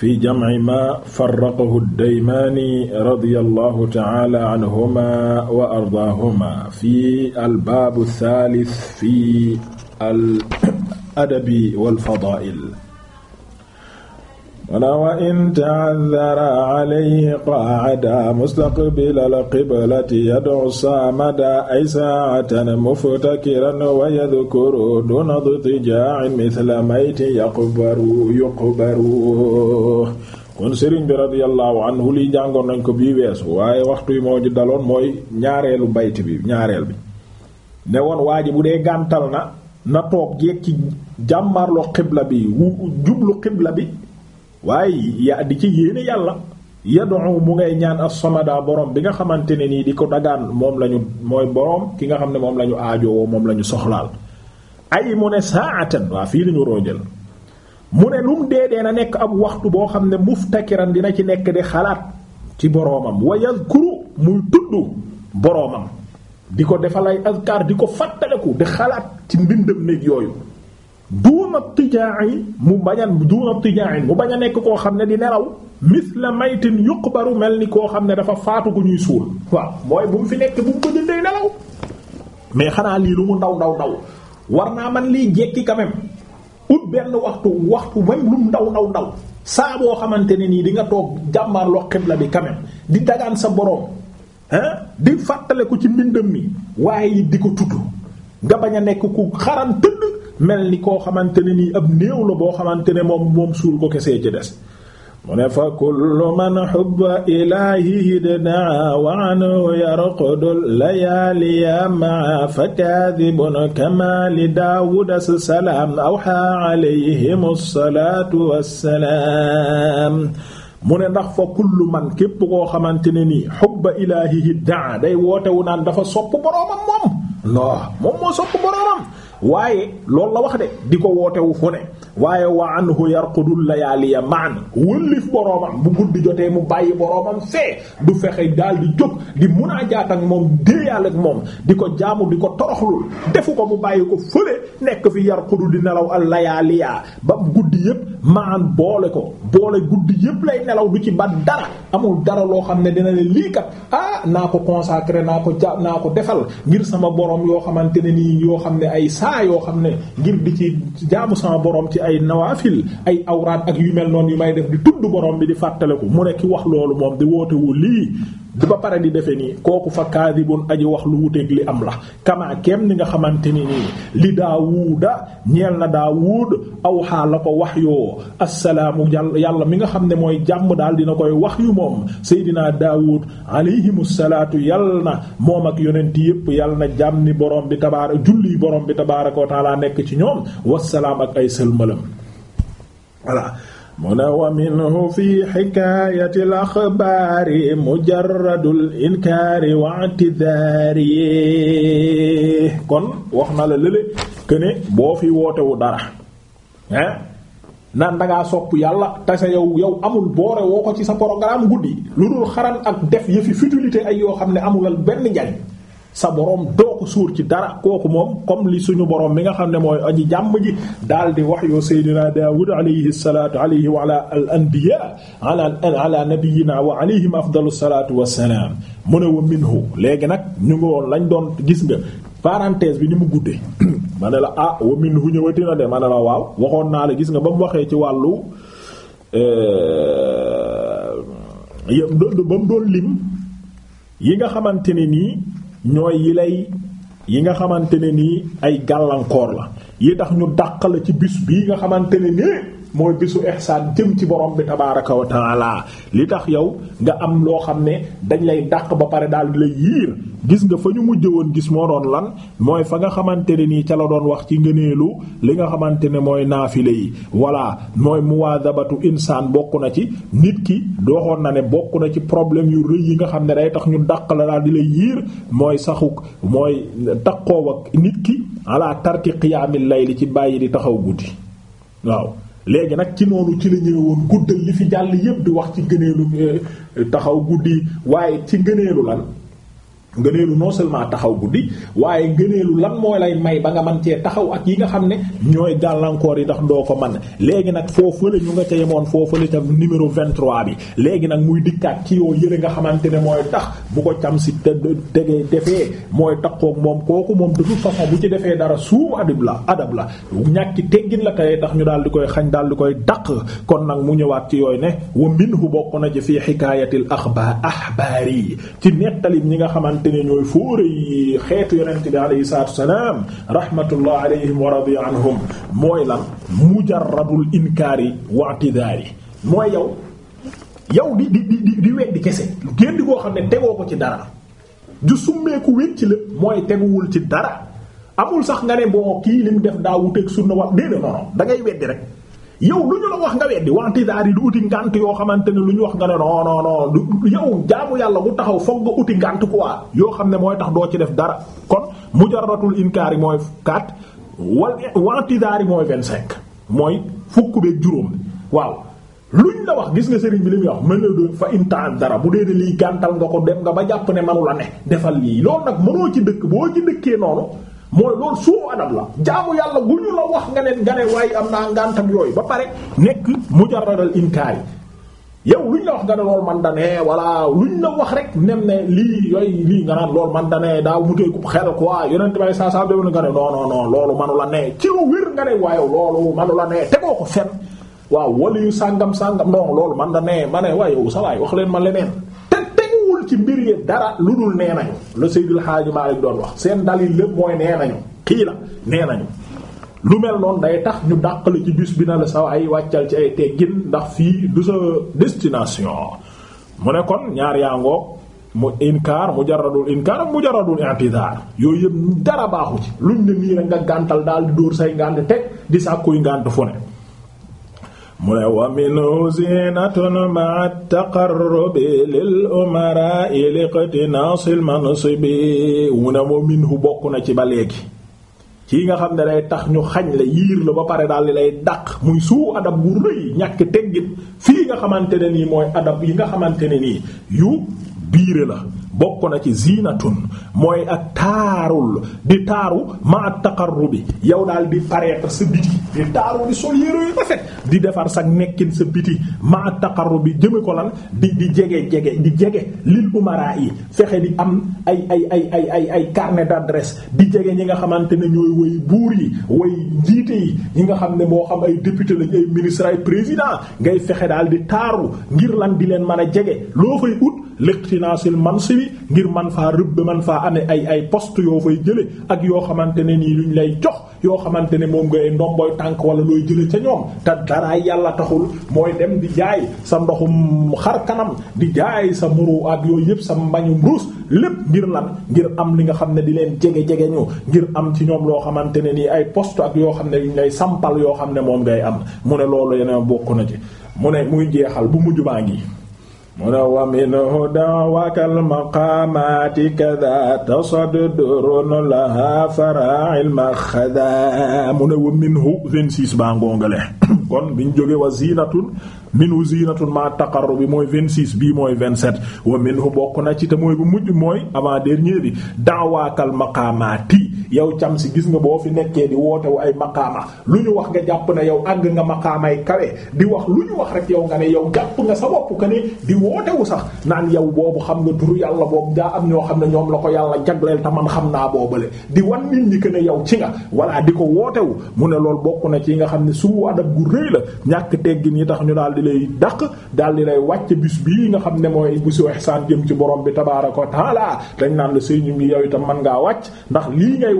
fi jamci ma farraqahu daymaani radiyallahu ta'ala anhuma wa ardaahuma fi albaabu saalis fi al adabi wal fadaa'il walaw in ta'azzara alayhi qaada mustaqbila alqiblati yad'u saamada ay saatan muftakiran wa yadhkuru duna dtijaa'in mithla mayti yaqbaru yuqbaru kon sëriñ bi radiyallahu anhu lii jàngoon nañ ko bii weesu waaye waxtu yi moo ñu mooy ñaareelu bayt bi ñaareel bi ne woon waa bu dee gàntal na na toog jeeg ci jàmmarloo xibla bi jublu xibla bi waaye ya di ci yéene yàlla yadu mu ngay ñaan as-samada borom bi nga xamante ne nii di ko dagaan moom lañu mooy borom ki nga xam ne moom lañu ñu moom la ñu soxlaal ay mu ne saatan waa fii la ñu roojal mu ne lu mu dee dee na nekk ab waxtu boo xam ne muftakiran dina ci nekk di xalaat ci boroomam boromam wa yazkuru muy tudd boroomam di ko defal ay azkar di ko fàttaliku di xalaat ci mbindam néeg yooyu duuna tijaay mu a duuna mu bañ a nekk koo xam ne di nelaw misla maytin yuqbaru mel ni koo xam ne dafa faatu ko ñuy suul waaw mooy bu mu fi nekk bu mu bëjën day nelaw mais xanaa lii lu mu ndaw ndaw ndaw war naa man lii jekki quand même ut benn waxtu waxtu même lu mu ndaw ndaw ndaw saa boo xamante ne nii di nga toog jàmmaarloo xibla bi quand di dagaan sa boroom ah di fàttale ko ci mbindam mi waaye di ko tudd nga bañ a nekk ku xaran tëdd mel ni koo xamante ne nii ab néew la boo xamante ne moom moom suul ko kesee ci des mu ne fa kullu man xubba ilaahihi daa wa anhu yarqudul layaaliya maa fa kaadibun kama li daawuda salaam awxaa alayhim salaatu wassalaam mu ne ndax fa kullu man képp koo xamante ne nii xubba ilaahihi daa day wootewu naan dafa sopp boroomam moom laa moom moo sopp waaye loolu la wax de di ko wootewu fu ne waaye wa anhu yarqudul layaaliya maan wëllif boroomam bu guddi jotee mu bàyyi boroomam fee du fexe daal di jóg di munaajaat ak moom déeyaal ak moom di ko jaamu di ko toroxlul defu ko mu bàyyi ko nekk fi yarqudu di nelaw al ba guddi yépp maan boole ko boole guddi yépp lay nelaw du ci ba dara amul dara loo xam ne dina ne lii ah, naa ko consacré naa ko ja naa ko defal ngir sama borom yoo xamante ne nii yoo xam ne ay sa daa yoo xam ne ngir di ci jaamu sama borom ci ay nawaafil ay awraat ak yu mel noonu yu may def di tudd borom bi di fàttaliku mu ne ki wax loolu moom di woote lii ba pare di defee nii kooku fa kaadibun aji wax lu wuteeg li am la kamaa kem ni nga xamante ni nii li daawuuda ñeel na daawuud aw xaa la ko wax yoo assalaamu yàlla mi nga xam ne mooy jàmm daal dina koy wax yu moom seydinaa daawuud alayhimu salaatu yal na moom ak yonent yépp yal na jàmm ni borom bi tabaara julli borom bi tabaaraka wa taala nekk ci ñoom wassalaam ak ay sëlmalam voilà mu ne wa minhu fi xikaayati laxbaari mujaradul inkaari wa i'tidaari kon wax na la lële këne boo fi wootewu dara hein naan dangaa sopp yàlla tase yow yow amul boore woo ko ci sa programme guddi lu dul xaral ak def yëfi futilité ay yoo xam ne amulal benn njariñ sa borom doo ko suur ci dara kooku moom comme li suñu borom mi nga xam ne mooy aji jàmm ji daal di wax yoo Seydina Daawud alayhi salaatu alayhi wa ala al anbiya ala ala nabiyyina wa alayhim afdalu salaatu wassalaam mu ne wa minhu léegi nag ñu ngi woon lañ doon gis nga parenthèse bi ni mu guddee ma la ah wa minhu ñëwati na de ma la waaw waxoon naa la gis nga ba mu waxee ci wàllu euh, ba mu doon lim yi nga xamante ne nii. ñooy yi lay yi nga xamante ne nii ay gàllankoor la yi tax ñu dàq la ci bis bi nga xamante ne nii mooy bisu ihsaan jëm ci borom bi tabaaraka wa taala li tax yow nga am loo xam ne dañ lay dàq ba pare daal di lay yiir gis nga fa ñu mujj woon gis moo doon lan mooy fa nga xamante ne nii ca la doon wax ci ngëneelu li nga xamante ne mooy naafile yi voilà mooy muwaadabatu insaan bokk na ci nit ki dooxoon na ne bokk na ci problème yu rëy yi nga xam ne day tax ñu dàq la daal di lay yiir mooy saxu mooy takkoo nit ki ala tarki qiyaamil li ci bàyyi di taxaw guddi léegi nag ci noonu ci lañuy ñëwoon guddal li fi jàll yépp di wax ci gëneelu euh, taxaw guddi waaye ci gëneelu lan ngëneelu non seulement taxaw guddi waaye ngëneelu lan mooy lay may ba nga man cee taxaw ak yi nga xam ne ñooy gàllankoor yi ndax doo ko man léegi nag foofu la ñu nga ca yemoon foofu la ca numéro 23 bi léegi nag muy dikkaat ci yoo yële nga xamante ne mooy tax bu ko cam si te tegee defee mooy tax kook moom kooku moom du toute façon bi ci defee dara suuf adab la adab la ñàkki teggin la kay tax ñu daal di koy xañ daal di koy daq kon nag mu ñëwaat ci yooyu ne wa minhu bokk na ci fii xikaayatil axbaar axbaar yi ci nettali xamante ne ñooy fóore yi xeetu yonent bi alayhi salaatu wasalaam rahmatullah alayhim wa radiya anhum mooy lan mujarradul inkaari wa mooy yow yow di di di weddi kese génn koo xam ne tegoo ko ci dara ju summeeku wécc la mooy teguwul ci dara amul sax nga ne boo kii lim def daa wuteeg sunna wax déedéet non non da ngay weddi rek yow lu ñu la wax nga weddi wanti daal di uti ngànt yoo xamante ne lu ñu wax nga ne non non non yow jaamu yàlla bu taxaw foog nga uti ngànt quoi yoo xam ne mooy tax doo ci def dara kon mujarratul inkaar yi mooy 4 wal wanti daari mooy 25 mooy fukk beeg juróom waaw. luñ la wax gis nga sëriñ bi li muy wax mën na doon fa intaan dara bu dee lii gàntal nga ko dem nga ba jàpp ne manu la ne defal lii loolu nag mënoo ci dëkk boo ci dëkkee noonu. mooy loolu suufu adab la jaamu yàlla bu ñu la wax nga ne nga ne waaye am naa ngàntam yooyu ba pare nekk mujarradal inkaar yi yow luñ la wax nga ne loolu man danee walla luñ la wax rek nem ne lii yooyu lii nga naan man danee daaw mu téye ko xel quoi yeneen tamit saa saa demee nga ne loolu manu la nee ci lu wér nga ne waaye loolu manu la nee tegoo ko fen waaw wali yu sàngam sàngam non loolu man da nee ma ne waaye yow sa waay wax leen ma leneen. ci mbir yi dara lu dul nee nañu la Seydil Hadji Malick doon wax seen yi lépp mooy nee nañu xii la nee nañu lu mel noon day tax ñu dàqale ci bus bi na la saw ay wàccal ci ay teggin ndax fii du sa destination mu ne kon ñaar yaa ngoog mu inkaar mujarradul inkaar ak mujarradul i'tidar yooyu yëpp dara baaxu ci luñ ne nii rek nga gàntal daal di dóor say ngànt teg di sàkkuy ngànt fu ne mu ne wa minhu zinatun ma'a taqarrubi lil umara'i liqtinaasil mansibi mu ne wa wu bokk na ci ba léegi kii nga xam ne day tax ñu xañ la yiir la ba pare daal di lay dàq muy suu adab bu rëy ñàkk teggit fii nga xamante ne nii mooy adab yi nga xamante ne nii yu biire la bokk na ci ziinatun mooy ak taarul di taaru ma at bi yow daal di paraître sa biti di taaru di sol yére yu rafet di defar sa nekkin sa biti ma at bi jëme ko lan di di jege jege di jege lil umaraa yi fexe di am ay ay ay ay ay ay carnet d'adresse di jege ñi nga xamante ne ñooy woy buur yi woy njiite yi ñi nga xam ne moo xam ay député lañ ay ministre ay président ngay fexe daal di taaru ngir lan di leen mën a jege loo fay ut liqtinaasil mansibi ngir man faa rëbb man faa amee ay ay poste yoo fay jële ak yoo xamante ne nii luñ lay jox yoo xamante ne moom ngay ndomboy tànk wala looy jële ca ñoom te daraay yàlla taxul mooy dem di jaay sa ndoxum xar kanam di jaay sa muru ak yëpp sa mbañum ruus lépp ngir lan ngir am li nga xam ne di leen jege-jege ñu ngir am ci ñoom loo xamante ne nii ay poste ak yoo xam ne yuñ lay sampal yoo xam ne moom ngay am mu ne loolu yeneen bokk na ci mu ne muy jeexal bu mujj baa ngi mu ne wa minhu da'wakal maqaamaati kada tasaddurun laha fara'il maxada mu ne wa minhu 26 baa ngoongale kon biñ jóge wa ziinatun minhu ziinatun ma taqarrubi mooy 26 bii mooy 27 wa minhu bokk na ci te bu mujj mooy avant dernier bi da'wakal maqaamaati yow cam si gis nga boo fi nekkee di woote ay maqaama lu ñu wax nga jàpp na yow àgg nga maqaamay kawe di wax lu ñu wax rek yow nga ne yow jàpp nga sa bopp que ne di woote sax naan yow boobu xam nga turu yàlla boobu daa am ñoo xam ne ñoom la ko yàlla jagleel te man xam naa boobale di wan nit ñi que ne yow ci nga walla di ko wootewu mu ne loolu bokk na ci nga xam ne suu adab gu rëy la ñàkk teggin yi tax ñu daal di lay daq daal di lay wàcc bis bii nga xam ne mooy bu bisu ihsaan jëm ci borom bi tabaaraka wa taala dañ naan la sëy ñu yow itam man ngaa wàcc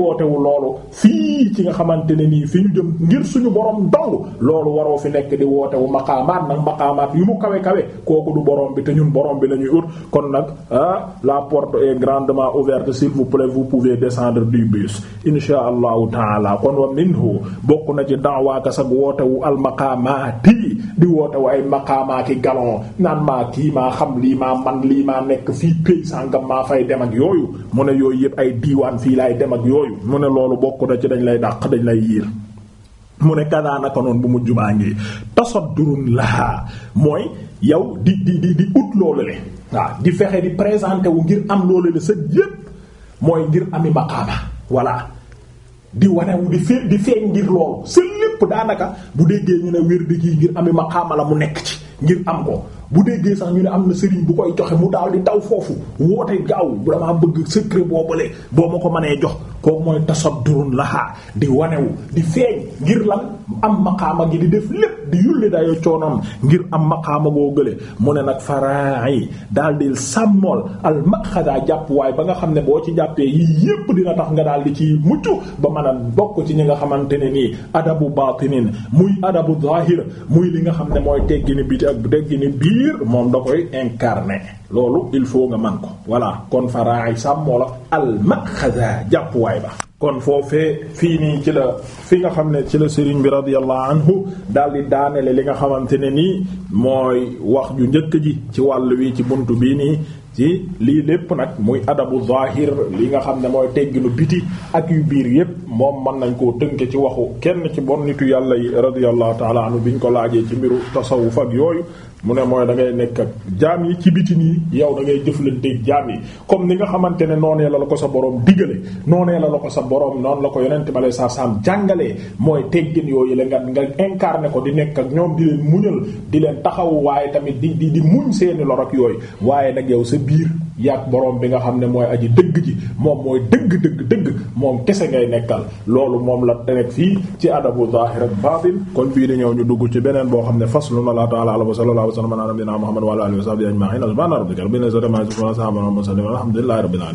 wootewu loolu fii ci nga xamante ne nii fi ñu jëm ngir suñu borom dong loolu waroo fi nekk di wootewu maqaamaat nag maqaamaat yu mu kawe kawe kooku du borom bi te ñun borom bi la ñuy ut kon nag ah la porte est grandement ouverte s'il vous plaît vous pouvez descendre du bus insha allahu taala kon wa minhu bokk na ci daawaaka sag wootewu almaqaamaati di woote ay maqaamaa ki galon naan maa kii maa xam lii maa man lii maa nekk fii pay sànka maa fay dem ak yooyu mu ne yooyu yëpp ay diiwaan fii laay dem ak yooyu mu ne loolu bokk na ci dañ lay dàq dañ lay yiir mu ne kadaanaka noonu bu mu jubaa ngi tasaddurun lahaa mooy yow di di di di ut loolu le waaw di fexe di présenté wu ngir am loolu le sa yépp mooy ngir ami maqaama voilà di wanewu di fe di feeñ ngir loolu lépp daanaka bu déggee ñu ne wér di kii ngir ami maqaama la mu nekk ci ngir am ko bu déggee sax ñu ne am na sëriñ bu koy joxe mu daal di taw foofu woote gaaw vraiment bëgg boo boobale boo ma ko mënee jox kooku mooy tasaddurun lahaa di wanewu di feeñ ngir lan am maqaama gi di def lépp di yulli dayo coonoom ngir am maqaama goo gële mu ne nag faraay daal di sàmmool al maxada jàpp waaye ba nga xam ne boo ci jàppee yii yépp dina tax nga daal di ci mucc ba mën a bokk ci ñi nga xamante ne nii adabu baatinin muy adabu zahir muy li nga xam ne mooy teggini biti biir moom da koy incarner loolu il faut nga man ko voilà kon faraay sàmmoo la almaxasa jàppuwaay ba kon foofee fii nii ci la fi nga xam ne ci la sëriñ bi radiyallahu anhu daal di li nga xamante ne nii mooy wax ju njëkk ji ci wàll wi ci bunt bii nii ci lii lépp nag muy adabu zahir li nga xam ne mooy tegginu biti ak yu biir yépp moom man nañ koo tënke ci waxu kenn ci bon nitu yàlla yi radiyallahu taala anhu bi ñu ko laajee ci mbiru tasawuf ak yooyu mu da ngay nekk yi ci biti nii yow da ngay jëflanteeg jaam yi comme ni nga xamante ne noonee la la ko sa borom digale noonee la la ko sa borom noonu la ko yonent ba lay sa saam jàngalee mooy teggin yooyu la nga nga incarné ko di nekk ak ñoom di leen muñal di leen taxaw waaye tamit di di di muñ seeni lor biir yàgg borom bi nga xam ne mooy aji dëgg ji moom mooy dëgg dëgg dëgg moom kese ngay nekkal loolu moom la nekk fii ci adabu zahir ak kon bii di ñëw ñu dugg ci beneen boo xam ne faslun allah ta'ala wa sallallahu alayhi wa sallam wa ala alihi wa sahbihi ajma'in subhana rabbika rabbil izzati amma yasifun wa salamun ala al mursalin walhamdulillahi rabbil alamin